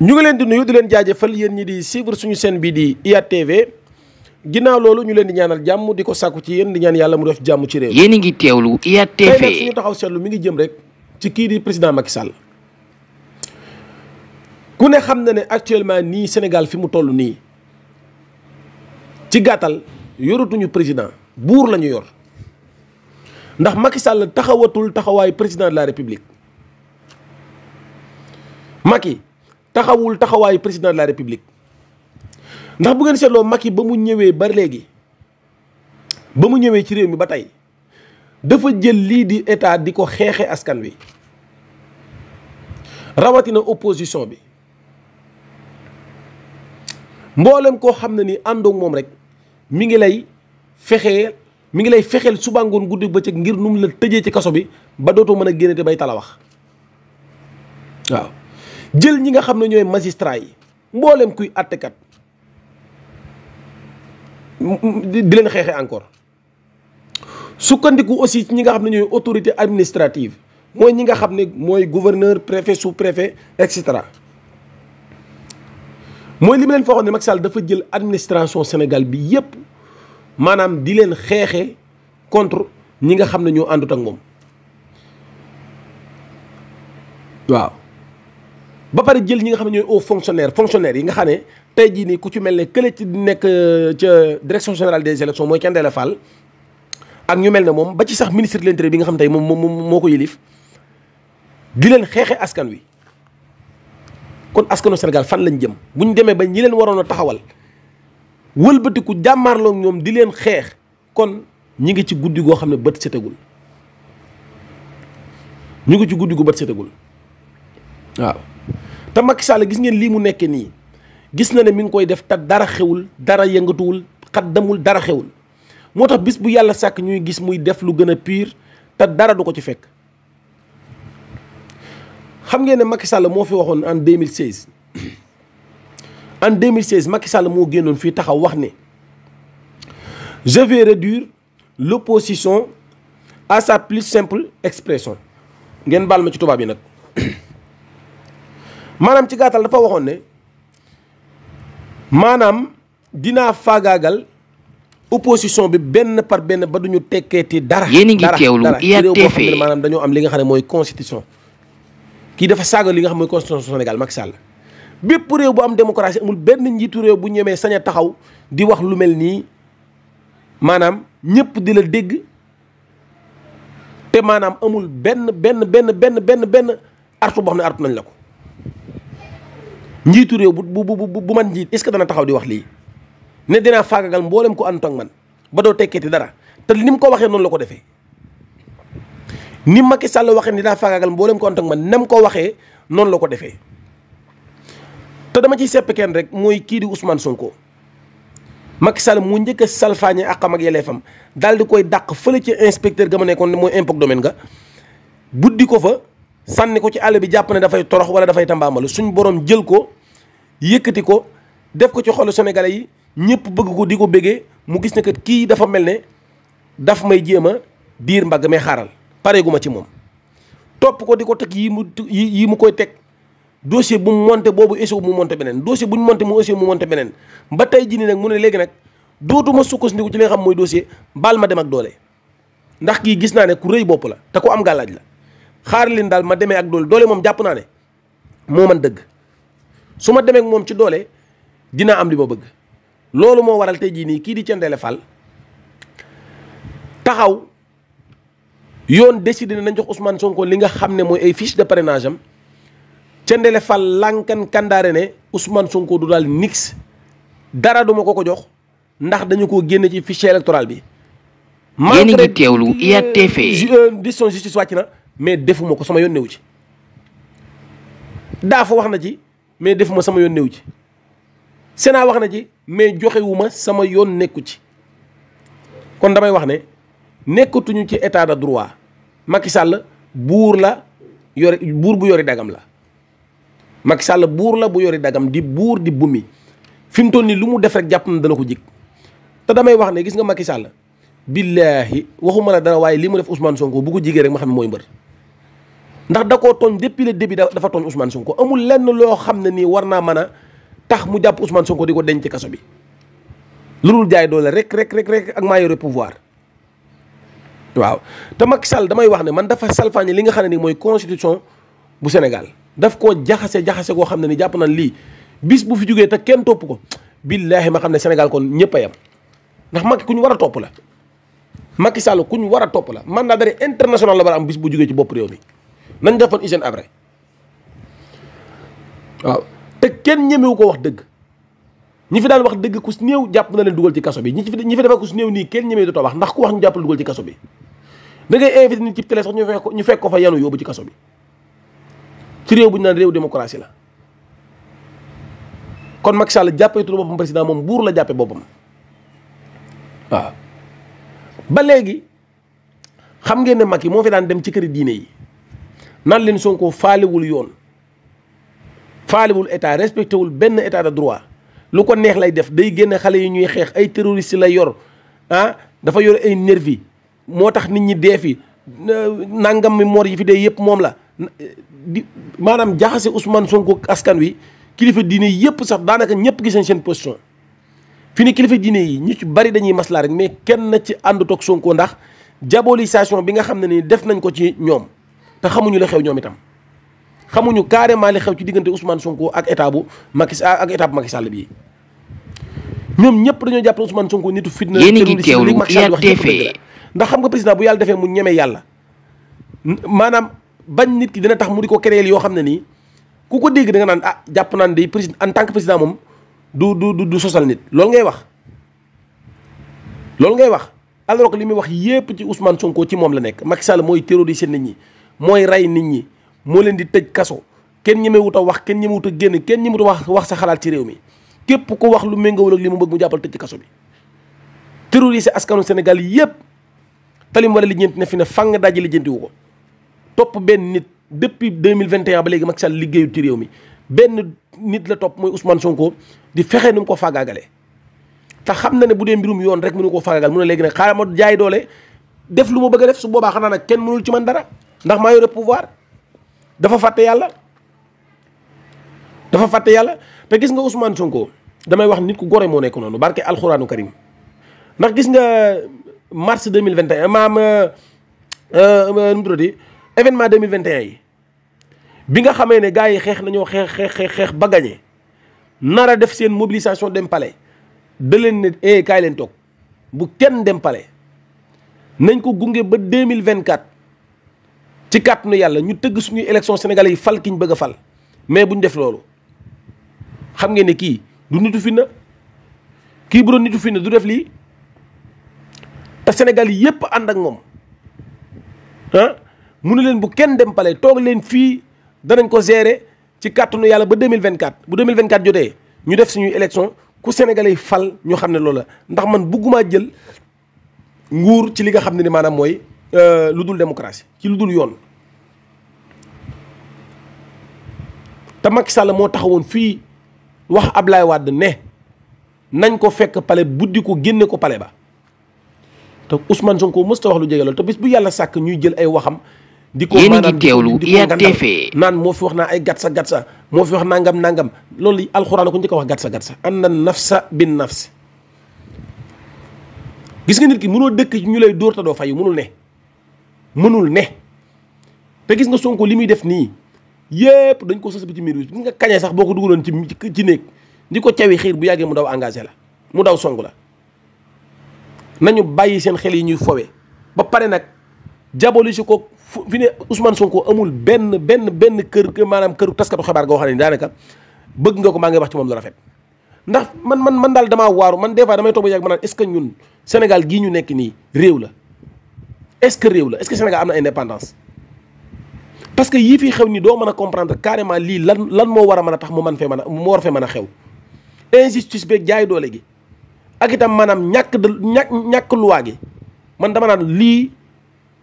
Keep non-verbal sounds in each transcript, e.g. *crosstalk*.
ñu ngi leen di nuyu di leen jaajëfal yéen ñi di suivre suñu seen bii di IYAT TV ginnaaw loolu ñu leen di ñaanal jàmm di ko sàkku ci yéen di ñaan yàlla mu def jàmm ci réew. yéen a ngi teewlu IYAT TV tey nag suñu taxaw seetlu mu ngi jëm rek ci kii di président Macky Sall ku ne xam na ne actuellement nii Sénégal fi mu toll nii ci gàttal yoratuñu président buur lañu yor ndax Macky Sall taxawatul taxawaayu président de la république Macky. taxawul taxawaayu président de la république ndax bu ngeen mag yi ba mu ñëwee ba léegi ba mu ñëwee ci réew mi ba tey dafa jël lii di état di ko xeexe askan wi rawatina opposition bi mboolem koo xam ne ni àndoog moom rek mu ngi lay fexee mu ngi lay fexeel subangoon guddi bëccëg ngir nu mu la tëjee ci kaso bi ba dootoo mën a génnate bay tala wax waaw jël ñi nga xam ne ñooy magistrat yi mbooleem kuy àttekat di leen xeexe encore sukkandiku aussi ci ñi nga xam ne ñooy autorité administrative mooy ñi nga xam ne mooy gouverneur préfet sous préfet et cetera mooy li mu leen foogoon ne Macky Sall dafa jël administration Sénégal bi yépp maanaam di leen xeexe contre ñi nga xam ne ñoo àndut ak moom waaw ba pare jël ñi nga xam ne ñooy hauts fonctionnaires fonctionnaires yi nga xam ne tey jii nii ku ci mel ne kële ci nekk euh, ca direction générale des élections mooy kenn la Fall ak ñu mel ne moom ba ci sax ministre de l'intérieur bi nga xam tey moom moom moo ko yilif di leen xeexe askan wi kon askanu Sénégal fan lañ jëm bu ñu demee ba ñi leen waroon a taxawal wëlbatiku jàmmaarloo ñoom di leen xeex kon ñi ngi ci guddi goo xam ne bët setagul ñu ngi ci guddi gu bët setagul waaw te Macky gis ngeen lii mu nekkee nii gis na ne mi ngi koy def te dara xewul dara yëngatuwul xat demul dara xewul moo tax bis bu yàlla sàkk ñuy gis muy def lu gën a pire te dara du ko ci fekk. xam ngeen ne Macky Sall moo fi waxoon en 2016 *clears throat* en 2016 Macky Sall moo génnoon fii taxaw wax ne je vais réduire l'opposition à sa plus simple expression ngeen baal ma ci tubaab yi nag. *clears throat* maanaam ci gàttal dafa waxoon ne maanaam dinaa faagaagal opposition bi benn par benn ba duñu tekkeeti dara. yéen a ngi teewlu IYAT TV maanaam dañoo am li nga xam ne mooy constitution. kii dafa saaga li nga xam ne mooy constitution Sénégal Macky Sall bépp réew bu am démocratie amul benn njiitu réew bu ñemee sañ a taxaw di wax lu mel nii maanaam ñëpp di la dégg te maanaam amul benn benn benn benn benn benn artu boo xam ne artu nañ la ko. njiitu réew bu bu bu bu man njiit est-ce que dana taxaw di wax lii ne dinaa faagagal mbooleem ko ànd ak man ba doo tekkeeti dara te ni mu ko waxee noonu ko defee ni Macky Sall waxee ni daa faagagal mboolem ko ànd ak man nam ko waxee noonu la ko defee te dama ciy sepp kenn rek mooy kii di Ousmane Sonko Macky Sall mu njëkk a salfaañe àqam ak yelleefam daal di koy dàq fële ci inspecteur ga ma nekkoon ne mooy impôt domaine ga buddi ko fa sànni ko ci àll bi jàpp ne dafay torox wala dafay tambaamalu suñ borom jël ko yëkkati ko def ko ci xolu sénégalais yi ñëpp bëgg ko di ko bëggee mu gis ne kat kii dafa mel ne daf may jéem a diir mbagg may xaaral pareeguma ci moom. topp ko di ko teg yi mu yi mu koy teg dossier bu mu monté boobu essayé mu monté beneen dossier bu ñu monté mu essayé mu monté beneen ba tey jii nii nag mu ne léegi nag dootuma sukkandiku ci li xam mooy dossier baal ma dem doole ndax kii gis naa ne ku rëy bopp la te ku am gàllaaj la. xaar leen daal ma demee ak doole doole moom jàpp naa ne moo man dëgg su ma demee moom ci doole dinaa am li ma bëgg loolu moo waral tey jii nii kii di Thiendella Fall taxaw yoon décidé nañ jox Ousmane Sonko li nga xam ne mooy ay fiche de parrainage am Thiendella Fall lànkan kandaare ne Ousmane Sonko du daal nix dara duma ko ko jox ndax dañu ko génne ci fichier électoral bi. malgré yéen a ngi teewlu IATV. Euh, décision justice wàcc na. mais defuma ko sama yoon newu ci daa fa wax na ci mais defuma sama yoon newu ci senaa wax na ci mais joxewuma sama yoon nekku ci kon damay wax ne nekkatuñu ci état de droit Macky Sall buur la yori buur bu yori dagam la Macky Sall buur la bu yori dagam di buur di bumi fi mu toll nii lu mu def rek jàpp na dana ko jig te damay wax ne gis nga Macky Sall billaahi waxuma la dara waaye li mu def Ousmane Sonko bu ko jigee rek ma xam mooy mbër ndax da koo tooñ depuis le début dafa tooñ Ousmane Sonko amul lenn loo xam ne nii war naa mën a tax mu jàpp Ousmane Sonko di ko denc kaso bi lu dul jaay doole rek rek rek ak maa yore pouvoir waaw te Macky Sall damay wax ne man dafa salfaañe li nga xam ne nii mooy constitution bu Sénégal daf ko jaxase jaxase koo xam ne ni jàpp na lii bis bu fi jógee te kenn topp ko billaahi ma xam ne Sénégal ko ñëpp yam ndax Macky ku ñu war a topp la Macky Sall ku ñu war a topp la mandat d'arrêt international la war a bis bu jógee ci bopp réew mi. nañ defoon hygiène après waaw te kenn ñemewu ko wax dëgg ñi fi daan wax dëgg ku néew jàpp na leen dugal ci kaso bi ñi fi ñi fi defee ku néew nii kenn ñemewu dootoo wax ndax ku wax ñu jàppal dugal ci kaso bi da ngay invité ci télé sax ñu fekk ko ñu fekk ko fa yanu yóbbu ci kaso bi ci réew bu ñu naan réew démocratie la kon Macky Sall jàppee turu boppam président moom buur la jàppee boppam waaw ba léegi xam ngeen ne yi moo fi daan dem ci këri diine yi. nan leen Sonko faalewul yoon faalewul état respecté wul benn état de droit lu ko neex lay def day génne xale yi ñuy xeex ay terroriste la yor ah dafa yor ay nervi moo tax nit ñi dee fi euh, nangam mi mor yi fi dee yëpp moom la di maanaam jaxase Ousmane Sonko askan wi kilifa diine yëpp sax daanaka ñëpp gis nañ seen position fi ni kilifa diine yi ñu ci bari dañuy maslaa rek mais kenn ci ànd toog Sonko ndax diabolisation bi nga xam ne ni def nañ ko ci ñoom te xamuñu la xew ñoom itam xamuñu carrément li xew ci diggante Ousmane Sonko ak état bu Macky ak état bu Macky Sall bii ñoom ñëpp dañoo jàpp Ousmane Sonko nitu fitna li Macky Sall wax e ndax xam nga président bu yàlla defee mu ñeme yàlla maanaam bañ nit ki dina tax mu di ko kereel yoo xam ne nii ku dégg da naan ah jàpp naan day président en tant moom du du sosal nit loolu ngay wax loolu ngay wax alors que li muy wax yépp ci Ousmane Sonko ci moom la nekk Macky Sall mooy terroriser nañ ñi mooy rey nit ñi moo leen di tëj kaso kenn ñemewut a wax kenn wut a génn kenn ñemewut a wax wax sa xalaat ci réew mi képp ko wax lu méngoowul ak li mu bëgg mu jàppal tëj ci kaso bi terroriser askanu Sénégal yépp talim war a lijjanti ne fi ne fang dajji lijjantiwu ko topp benn nit depuis 2021 ba léegi Macky Sall liggéeyul ci réew mi benn nit la topp mooy Ousmane Sonko di fexe nu mu ko faagaagalee te xam na ne bu dee mbirum yoon rek mënu ko faagaagal mu ne léegi nag xaaral ma jaay doole def lu ma bëgg a def su boobaa xanaa kenn mënul ci man dara ndax maa yore pouvoir dafa fàtte yàlla dafa fàtte yàlla te gis nga Ousmane Sonko damay wax nit ku gore moo nekk noonu barke alxuraanu karim ndax gis nga mars 2021 maam euh, euh, nu mu tuddati événement 2021 yi bi nga xamee ne gars yi xeex nañoo xeex xeex xeex xeex ba gagné nar a def seen mobilisation dem palais da leen ne eh kaay leen toog bu kenn dem palais nañ ko gunge ba 2024 ci kàttanu yàlla ñu tëgg suñuy élection sénégal yi fal ki ñu bëgg a fal mais bu ñu def loolu xam ngeen ne kii du nitu fi na kii bu doon nitu fi na du def lii te Sénégal yi yëpp ànd ak moom ah mu ne leen bu kenn dem pale toog leen fii danañ ko gérer ci kàttanu yàlla ba vingt 2024 bu 2024 jotee ñu def suñuy élection ku sénégalais yi fal ñu xam ne loola ndax man bëgguma jël nguur ci li nga xam ne ni maanaam mooy Euh, lu dul démocratie ci lu dul yoon te Macky Sall moo woon fii wax Ablaye Wade ne nañ ko fekk pale buddi ko génne ko pale ba te Ousmane Sonko mës ta wax lu jege loolu te bu yàlla sàkk ñuy jël ay waxam. di ko yéen a ngi teewlu IATV naan moo fi wax naa ay gatsa gatsa moo fi wax nangam nangam loolu alxuraan ko ñu a wax gatsa gatsa an na nafsa bin nafsi gis nga nit ki mënoo dëkk ci ñu lay dóor te doo fayu mënul ne. mënul ne te gis nga Sonko li muy def nii yépp dañ ko sës ci miir bi nga kañee sax boo ko dugaloon ci ci néeg ni ko cawi xiir bu yàggee mu daw engagé la mu daw song la nañu bàyyi seen xel yi ñuy fowe ba pare nag jaboli si ko fi ne Ousmane Sonko amul benn benn benn kër maanaam këru taskatu xibaar goo xam ne daanaka bëgg nga ko maa ngi wax ci moom lu rafet ndax man man man daal damaa waaru man dee fois damay toog ba yàgg ma naan est ñun Sénégal gii ñu nii réew la est-ce que réew la est-ce que Sénégal am na indépendance parce que yii fii xew ni doo mën a comprendre carrément lii lan lan moo war a mën a tax mu man fee mën a mu war a xew injustice beeg jaay doole gi ak itam maanaam ñàkk ñàkk luwaa gi man dama naan lii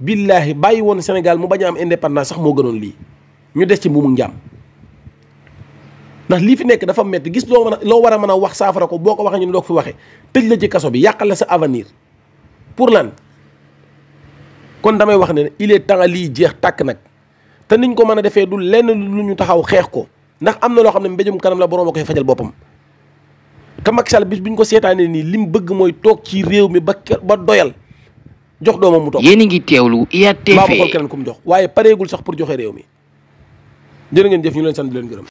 billaahi bàyyi woon Sénégal mu bañ a am indépendance sax moo gënoon lii ñu des ci mbuumu njaam ndax lii fi nekk dafa metti gis loo mën a loo war a mën a wax saafara ko boo ko waxee ñu ne doo ko fi waxee tëj la ci kaso bi yàqal la sa avenir pour lan kon damay wax ne il est temps lii jeex tàkk nag te niñ ko mën a defee du lenn lu ñu taxaw xeex ko ndax am na loo xam ne mbéjum kanam la borom a koy fajal boppam. te Macky Sall bis bu ñu ko seetaanee nii lim bëgg mooy toog ci réew mi ba ba doyal jox doomam mu toog. yéen a ngi teewlu IATV. mbaa ba xool keneen ku mu jox waaye pareegul sax pour joxe réew mi jërë ngeen jëf ñu leen sant di leen gërëm.